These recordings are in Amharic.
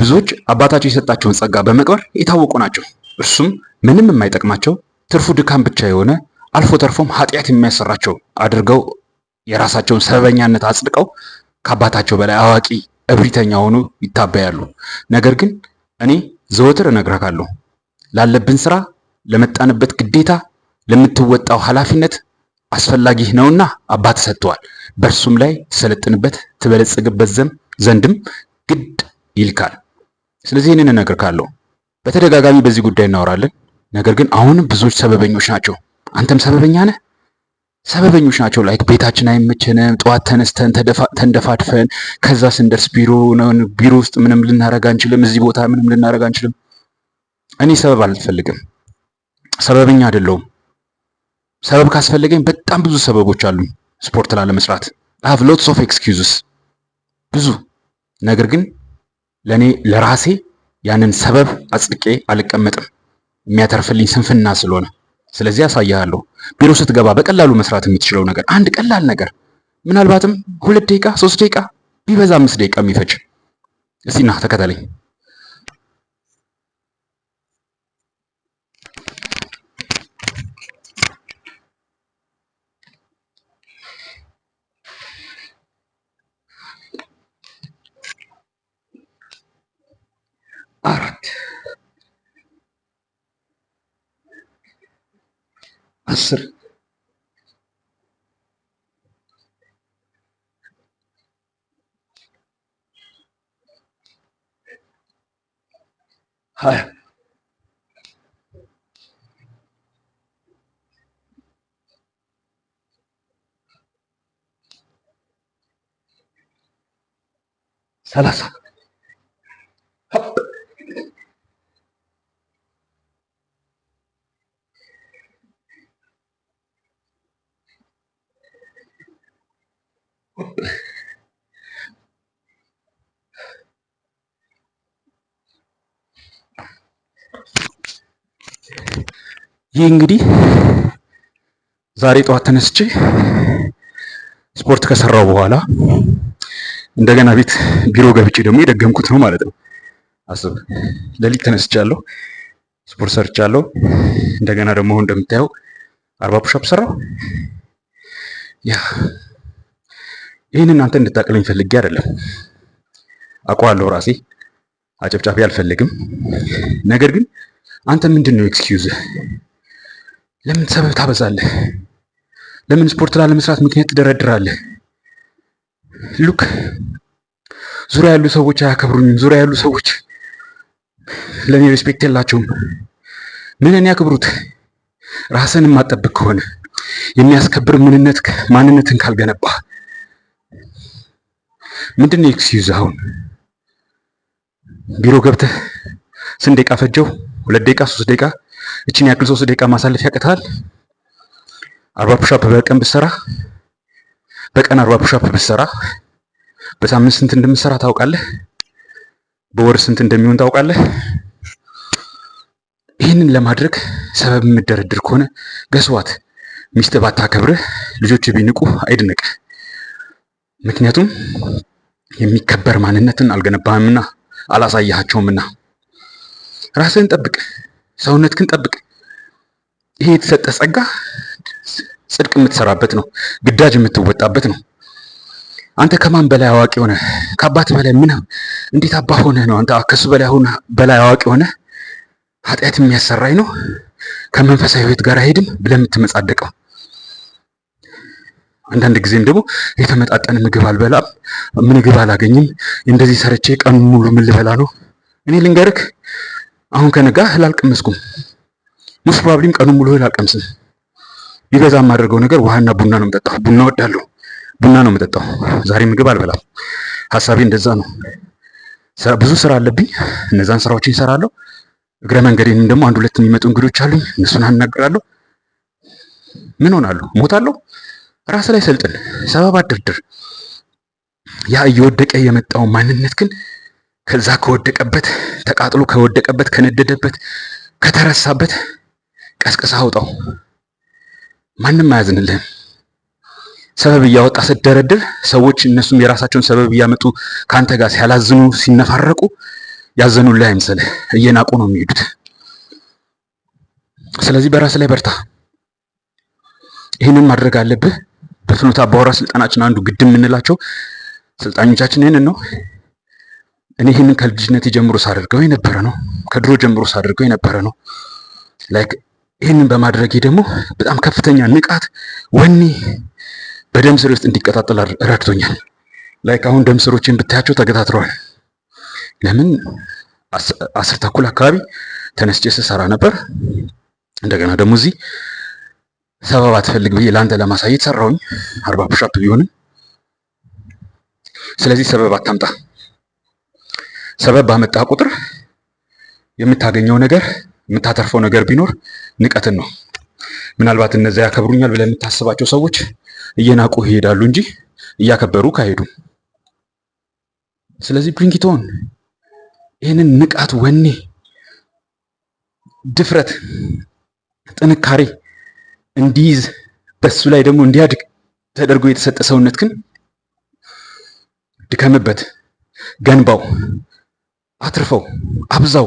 ብዙዎች አባታቸው የሰጣቸውን ጸጋ በመቅበር የታወቁ ናቸው። እርሱም ምንም የማይጠቅማቸው ትርፉ ድካም ብቻ የሆነ አልፎ ተርፎም ኃጢአት የሚያሰራቸው አድርገው የራሳቸውን ሰበኛነት አጽድቀው ከአባታቸው በላይ አዋቂ እብሪተኛ ሆኑ ይታበያሉ። ነገር ግን እኔ ዘወትር እነግርሃለሁ ላለብን ስራ፣ ለመጣንበት ግዴታ፣ ለምትወጣው ኃላፊነት አስፈላጊ ነውና አባት ሰጥተዋል። በእርሱም ላይ ትሰለጥንበት ትበለጽግበት ዘንድም ግድ ይልካል። ስለዚህ ይህንን እነግርካለሁ። በተደጋጋሚ በዚህ ጉዳይ እናወራለን። ነገር ግን አሁንም ብዙዎች ሰበበኞች ናቸው። አንተም ሰበበኛ ነህ። ሰበበኞች ናቸው። ላይክ ቤታችን አይመቸንም፣ ጠዋት ተነስተን ተንደፋድፈን፣ ከዛ ስንደርስ ቢሮ ቢሮ ውስጥ ምንም ልናረግ አንችልም፣ እዚህ ቦታ ምንም ልናረግ አንችልም። እኔ ሰበብ አልፈልግም። ሰበበኛ አይደለሁም። ሰበብ ካስፈለገኝ በጣም ብዙ ሰበቦች አሉ ስፖርት ላለመስራት። አይ ሃቭ ሎትስ ኦፍ ኤክስኪውዝስ ብዙ ነገር ግን ለእኔ ለራሴ ያንን ሰበብ አጽድቄ አልቀመጥም፣ የሚያተርፍልኝ ስንፍና ስለሆነ። ስለዚህ አሳያለሁ። ቢሮ ስትገባ በቀላሉ መስራት የምትችለው ነገር አንድ ቀላል ነገር ምናልባትም ሁለት ደቂቃ ሶስት ደቂቃ ቢበዛ አምስት ደቂቃ የሚፈጅ እስቲ ና ተከተለኝ። أرد عصر هاي ثلاثة ይህ እንግዲህ ዛሬ ጠዋት ተነስቼ ስፖርት ከሰራው በኋላ እንደገና ቤት ቢሮ ገብቼ ደግሞ የደገምኩት ነው ማለት ነው። አስብ ለሊት ተነስቻለሁ፣ ስፖርት ሰርቻለሁ። እንደገና ደግሞ እንደምታየው አርባ ፑሻፕ ሰራው። ያ ይህን እናንተ እንድታቅለኝ ፈልጌ አይደለም፣ አውቀዋለሁ ራሴ አጨብጫቢ አልፈልግም። ነገር ግን አንተ ምንድን ነው ለምን ሰበብ ታበዛለህ? ለምን ስፖርት ላለመስራት ምክንያት ትደረድራለህ? ሉክ ዙሪያ ያሉ ሰዎች አያከብሩኝም። ዙሪያ ያሉ ሰዎች ለእኔ ሪስፔክት የላቸውም። ምንን ያክብሩት? ራስን የማጠብቅ ከሆነ የሚያስከብር ምንነት ማንነትን ካልገነባ ምንድን ነው ኤክስኪውዝ? አሁን ቢሮ ገብተህ ስንት ደቂቃ ፈጀው? ሁለት ደቂቃ፣ ሶስት ደቂቃ እችን ያክል ሶስት ደቂቃ ማሳለፍ ያቅታል። አርባ ፑሻፕ በቀን ብትሰራ በቀን አርባ ፑሻፕ ብትሰራ በሳምንት ስንት እንደምትሰራ ታውቃለህ? በወር ስንት እንደሚሆን ታውቃለህ? ይህንን ለማድረግ ሰበብ የምደረድር ከሆነ ገስዋት ሚስት ባታከብርህ፣ ልጆች ቢንቁ አይድነቅ። ምክንያቱም የሚከበር ማንነትን አልገነባህምና አላሳያቸውምና ራስህን ጠብቅ። ሰውነትህን ጠብቅ። ይሄ የተሰጠ ጸጋ ጽድቅ የምትሰራበት ነው፣ ግዳጅ የምትወጣበት ነው። አንተ ከማን በላይ አዋቂ ሆነ? ከአባት በላይ ምን እንዴት አባ ሆነ ነው? አንተ ከሱ በላይ ሆነ በላይ አዋቂ ሆነ ኃጢአት የሚያሰራኝ ነው ከመንፈሳዊ ህይወት ጋር አይሄድም ብለህ የምትመጻደቀው አንዳንድ ጊዜም ደግሞ የተመጣጠነ ምግብ አልበላም፣ ምግብ አላገኝም፣ እንደዚህ ሰርቼ ቀኑን ሙሉ ምን ልበላ ነው? እኔ ልንገርህ አሁን ከነጋ እህል አልቀመስኩም። ሞስት ፕሮባብሊም ቀኑን ሙሉ እህል አልቀምስም። ቢበዛ የማደርገው ነገር ውሃና ቡና ነው የምጠጣው። ቡና ወዳለሁ፣ ቡና ነው የምጠጣው። ዛሬ ምግብ አልበላም። ሀሳቤ እንደዛ ነው። ብዙ ስራ አለብኝ። እነዛን ስራዎችን ይሰራለሁ። እግረ መንገዴንም ደግሞ አንድ ሁለት የሚመጡ እንግዶች አሉኝ። እነሱን አናግራለሁ። ምን ሆናለሁ? ሞታለሁ? ራስ ላይ ሰልጥን፣ ሰበብ አድርድር። ያ እየወደቀ የመጣው ማንነት ግን ከዛ ከወደቀበት ተቃጥሎ ከወደቀበት ከነደደበት ከተረሳበት ቀስቅሳ አውጣው። ማንም አያዝንልህም። ሰበብ እያወጣ ስትደረድር ሰዎች እነሱም የራሳቸውን ሰበብ እያመጡ ከአንተ ጋር ሲያላዝኑ ሲነፋረቁ ያዘኑልህ አይምሰልህ። እየናቁ ነው የሚሄዱት። ስለዚህ በራስ ላይ በርታ። ይህንን ማድረግ አለብህ። በፍኖተ አባወራ ስልጠናችን አንዱ ግድ የምንላቸው ስልጣኞቻችን ይህንን ነው። እኔ ይህንን ከልጅነት ጀምሮ ሳደርገው የነበረ ነው። ከድሮ ጀምሮ ሳደርገው የነበረ ነው። ላይክ ይህንን በማድረጌ ደግሞ በጣም ከፍተኛ ንቃት፣ ወኔ በደም ስር ውስጥ እንዲቀጣጠል ረድቶኛል። ላይክ አሁን ደም ስሮችን ብታያቸው ተገታትረዋል። ለምን አስር ተኩል አካባቢ ተነስቼ ስሰራ ነበር። እንደገና ደግሞ እዚህ ሰበብ አትፈልግ ብዬ ለአንተ ለማሳየት ሰራውኝ አርባ ፑሻፕ ቢሆንም። ስለዚህ ሰበብ አታምጣ። ሰበብ ባመጣ ቁጥር የምታገኘው ነገር የምታተርፈው ነገር ቢኖር ንቀትን ነው። ምናልባት እነዚያ ያከብሩኛል ብለህ የምታስባቸው ሰዎች እየናቁ ይሄዳሉ እንጂ እያከበሩ ካሄዱ ስለዚህ ብሪንኪቶን ይህንን ንቃት፣ ወኔ፣ ድፍረት፣ ጥንካሬ እንዲይዝ በሱ ላይ ደግሞ እንዲያድግ ተደርጎ የተሰጠ ሰውነት ግን ድከምበት፣ ገንባው። አትርፈው፣ አብዛው።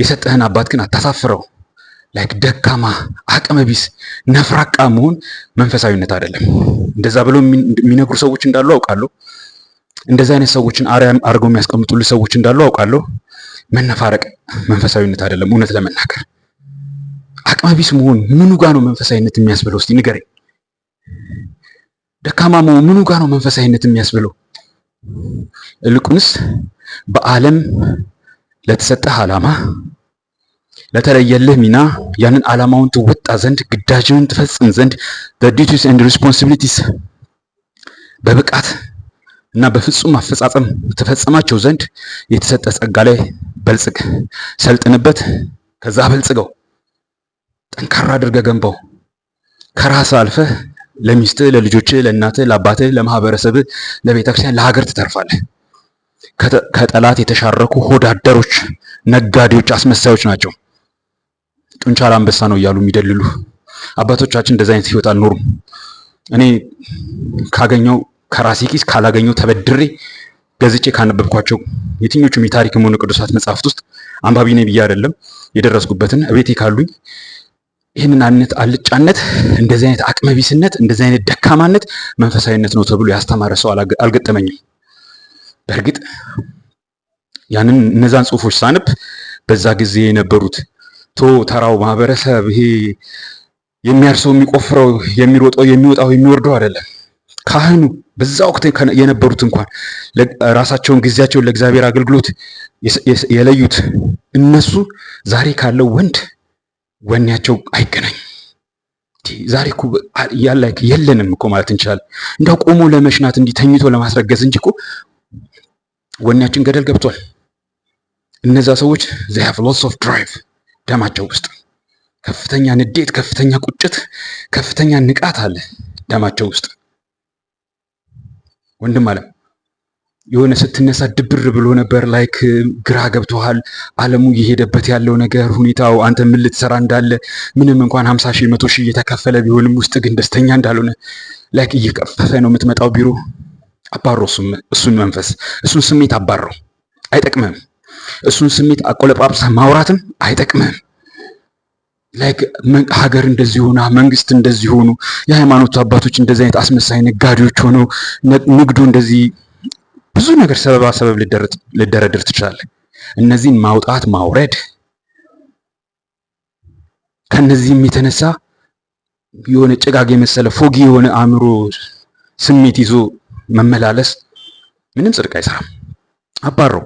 የሰጠህን አባት ግን አታሳፍረው። ላይክ ደካማ አቅመ ቢስ ነፍራቃ መሆን መንፈሳዊነት አይደለም። እንደዛ ብለው የሚነግሩ ሰዎች እንዳሉ አውቃለሁ። እንደዚህ አይነት ሰዎችን አርያ አድርገው የሚያስቀምጡልህ ሰዎች እንዳሉ አውቃለሁ። መነፋረቅ መንፈሳዊነት አይደለም። እውነት ለመናገር አቅመ ቢስ መሆን ምኑ ጋ ነው መንፈሳዊነት የሚያስብለው? እስቲ ንገረኝ። ደካማ መሆን ምኑ ጋ ነው መንፈሳዊነት የሚያስብለው? ይልቁንስ በዓለም ለተሰጠህ ዓላማ ለተለየልህ ሚና ያንን ዓላማውን ትወጣ ዘንድ ግዳጅን ትፈጽም ዘንድ duties and responsibilities በብቃት እና በፍጹም አፈጻጸም ትፈጽማቸው ዘንድ የተሰጠ ጸጋ ላይ በልጽግ፣ ሰልጥንበት፣ ከዛ በልጽገው፣ ጠንካራ አድርገ ገንባው። ከራስ አልፈ ለሚስትህ፣ ለልጆችህ፣ ለእናትህ፣ ለአባትህ፣ ለማህበረሰብህ፣ ለቤተክርስቲያን፣ ለሀገር ትተርፋለህ። ከጠላት የተሻረኩ ሆዳደሮች፣ ነጋዴዎች፣ አስመሳዮች ናቸው። ጡንቻላ አንበሳ ነው እያሉ የሚደልሉ አባቶቻችን እንደዚህ አይነት ህይወት አልኖሩም። እኔ ካገኘው ከራሴ ኪስ ካላገኘው ተበድሬ ገዝጬ ካነበብኳቸው የትኞቹም የታሪክም ሆነ ቅዱሳት መጽሐፍት ውስጥ አንባቢ ነኝ ብዬ አይደለም የደረስኩበትን እቤቴ ካሉኝ ይህንን አይነት አልጫነት፣ እንደዚህ አይነት አቅመቢስነት፣ እንደዚህ አይነት ደካማነት መንፈሳዊነት ነው ተብሎ ያስተማረ ሰው አልገጠመኝም። በእርግጥ ያንን እነዛን ጽሁፎች ሳንብ በዛ ጊዜ የነበሩት ቶ ተራው ማህበረሰብ ይሄ የሚያርሰው የሚቆፍረው የሚሮጠው የሚወጣው የሚወርደው አይደለም። ካህኑ በዛ ወቅት የነበሩት እንኳን ራሳቸውን ጊዜያቸውን ለእግዚአብሔር አገልግሎት የለዩት እነሱ ዛሬ ካለው ወንድ ወኔያቸው አይገናኝም። ዛሬ እኮ ያለ የለንም እኮ ማለት እንችላለን። እንዳው ቆሞ ለመሽናት እንዲህ ተኝቶ ለማስረገዝ እንጂ እኮ ወኔያችን ገደል ገብቷል። እነዛ ሰዎች they have lots of drive ደማቸው ውስጥ ከፍተኛ ንዴት፣ ከፍተኛ ቁጭት፣ ከፍተኛ ንቃት አለ ደማቸው ውስጥ። ወንድም አለም የሆነ ስትነሳ ድብር ብሎ ነበር። ላይክ ግራ ገብቶሃል። አለሙ እየሄደበት ያለው ነገር ሁኔታው፣ አንተ ምን ልትሰራ እንዳለ ምንም እንኳን 50 ሺህ 100 ሺህ እየተከፈለ ቢሆንም ውስጥ ግን ደስተኛ እንዳልሆነ ላይክ እየቀፈፈ ነው የምትመጣው ቢሮ አባሮ እሱን መንፈስ እሱን ስሜት አባረው አይጠቅምም። እሱን ስሜት አቆለጳጳሳ ማውራትም አይጠቅምም። ላይክ ሀገር እንደዚህ ሆና መንግስት እንደዚህ ሆኑ የሃይማኖቱ አባቶች እንደዚህ አይነት አስመሳይ ነጋዴዎች ሆነው ንግዱ እንደዚህ ብዙ ነገር ሰበባ ሰበብ ልደረድር ትችላለህ። እነዚህን ማውጣት ማውረድ ከነዚህም የተነሳ የሆነ ጭጋግ የመሰለ ፎጊ የሆነ አእምሮ ስሜት ይዞ መመላለስ ምንም ጽድቅ አይሰራም። አባረው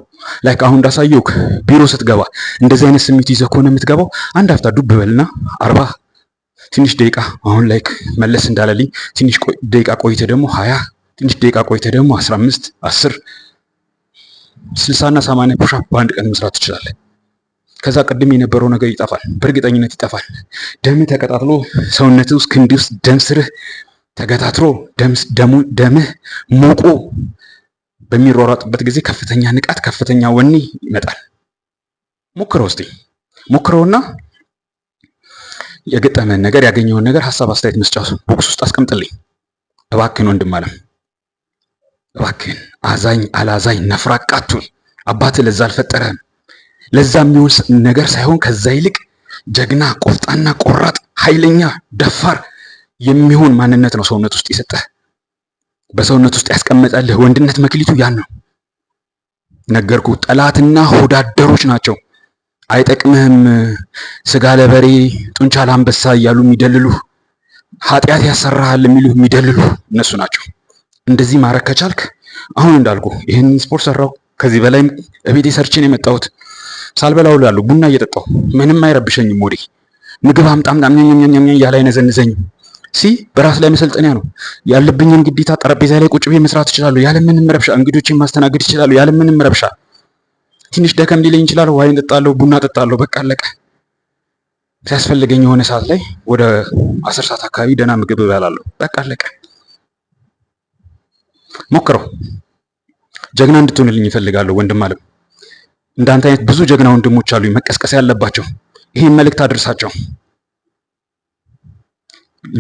ላይክ አሁን እንዳሳየውክ ቢሮ ስትገባ እንደዚህ አይነት ስሜት ይዘህ ከሆነ የምትገባው አንድ ሀፍታ ዱብ በልና አርባ ትንሽ ደቂቃ አሁን ላይክ መለስ እንዳለልኝ ትንሽ ደቂቃ ቆይተ ደግሞ ሀያ ትንሽ ደቂቃ ቆይተ ደግሞ አስራ አምስት አስር ስልሳና ሰማንያ ፑሻፕ በአንድ ቀን መስራት ትችላለህ። ከዛ ቅድም የነበረው ነገር ይጠፋል፣ በእርግጠኝነት ይጠፋል። ደም ተቀጣጥሎ ሰውነት ውስጥ ክንድ ውስጥ ደም ስርህ ተገታትሮ ደምህ ሞቆ በሚሯሯጥበት ጊዜ ከፍተኛ ንቃት፣ ከፍተኛ ወኔ ይመጣል። ሞክረው እስቲ ሞክረውና የገጠመን ነገር ያገኘውን ነገር ሀሳብ፣ አስተያየት መስጫ ቦክስ ውስጥ አስቀምጥልኝ እባክን ወንድም አለም አዛኝ አላዛኝ ነፍራቃቱ አባት ለዛ አልፈጠረ ለዛ የሚሆን ነገር ሳይሆን ከዛ ይልቅ ጀግና፣ ቆፍጣና፣ ቆራጥ፣ ኃይለኛ፣ ደፋር የሚሆን ማንነት ነው ሰውነት ውስጥ የሰጠህ በሰውነት ውስጥ ያስቀመጠልህ ወንድነት መክሊቱ ያን ነው። ነገርኩ ጠላትና ሆዳደሮች ናቸው። አይጠቅምህም ስጋ ለበሬ ጡንቻ ለአንበሳ እያሉ የሚደልሉህ ኃጢአት ያሰራሃል የሚሉ የሚደልሉ እነሱ ናቸው። እንደዚህ ማድረግ ከቻልክ አሁን እንዳልኩ ይህን ስፖርት ሰራው። ከዚህ በላይም እቤቴ ሰርቼ የመጣሁት። ሳልበላው ላሉ ቡና እየጠጣሁ ምንም አይረብሸኝም። ወዲህ ምግብ አምጣ ምናምን እያለ አይነዘንዘኝም። ሲ በራስ ላይ መሰልጠኛ ነው። ያለብኝን ግዴታ ጠረጴዛ ላይ ቁጭ ብዬ መስራት እችላለሁ፣ ያለምንም ረብሻ። እንግዶችን ማስተናገድ እችላለሁ፣ ያለምንም ረብሻ። ትንሽ ደከም ሊለኝ ይችላል፣ ዋይን ጠጣለሁ፣ ቡና ጠጣለሁ፣ በቃ አለቀ። ሲያስፈልገኝ የሆነ ሰዓት ላይ ወደ አስር ሰዓት አካባቢ ደህና ምግብ እበላለሁ፣ በቃ አለቀ። ሞክረው። ጀግና እንድትሆንልኝ ይፈልጋለሁ ወንድም አለም። እንዳንተ አይነት ብዙ ጀግና ወንድሞች አሉኝ መቀስቀስ ያለባቸው። ይህን መልእክት አድርሳቸው።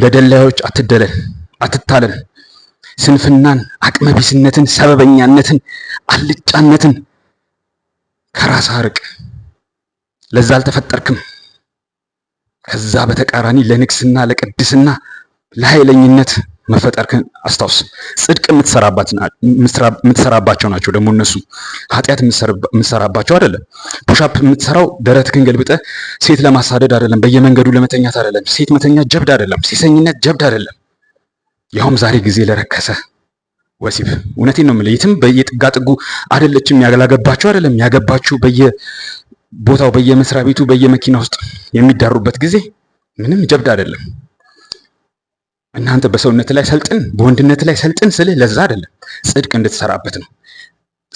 ለደላዮች አትደለል፣ አትታለል። ስንፍናን፣ አቅመቢስነትን፣ ሰበበኛነትን፣ አልጫነትን ከራስ አርቅ። ለዛ አልተፈጠርክም። ከዛ በተቃራኒ ለንግስና፣ ለቅድስና፣ ለኃይለኝነት መፈጠርክን አስታውስ። ጽድቅ የምትሰራባቸው ናቸው ደግሞ እነሱ ኃጢአት የምትሰራባቸው አይደለም። ፑሻፕ የምትሰራው ደረትክን ገልብጠ ሴት ለማሳደድ አይደለም። በየመንገዱ ለመተኛት አይደለም። ሴት መተኛት ጀብድ አይደለም። ሴሰኝነት ጀብድ አይደለም። ያውም ዛሬ ጊዜ ለረከሰ ወሲብ እውነቴን ነው የምልህ። የትም በየጥጋ አይደለችም ያላገባችሁ አይደለም በየቦታው በየመስሪያ ቤቱ በየመኪና ውስጥ የሚዳሩበት ጊዜ ምንም ጀብድ አይደለም። እናንተ በሰውነት ላይ ሰልጥን፣ በወንድነት ላይ ሰልጥን ስልህ ለዛ አይደለም፣ ጽድቅ እንድትሰራበት ነው።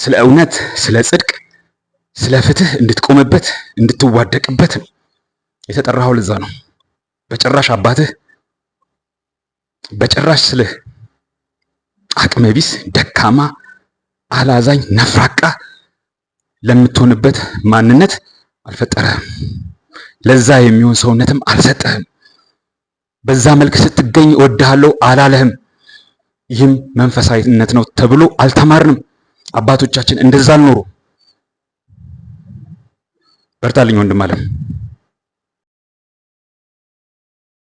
ስለ እውነት፣ ስለ ጽድቅ፣ ስለ ፍትህ እንድትቆምበት እንድትዋደቅበት ነው የተጠራኸው። ለዛ ነው። በጭራሽ አባትህ፣ በጭራሽ ስልህ አቅመ ቢስ፣ ደካማ፣ አላዛኝ፣ ነፍራቃ ለምትሆንበት ማንነት አልፈጠረህም። ለዛ የሚሆን ሰውነትም አልሰጠህም። በዛ መልክ ስትገኝ እወድሃለሁ አላለህም። ይህም መንፈሳዊነት ነው ተብሎ አልተማርንም። አባቶቻችን እንደዛ አልኖሩ። በርታልኝ ወንድም አለም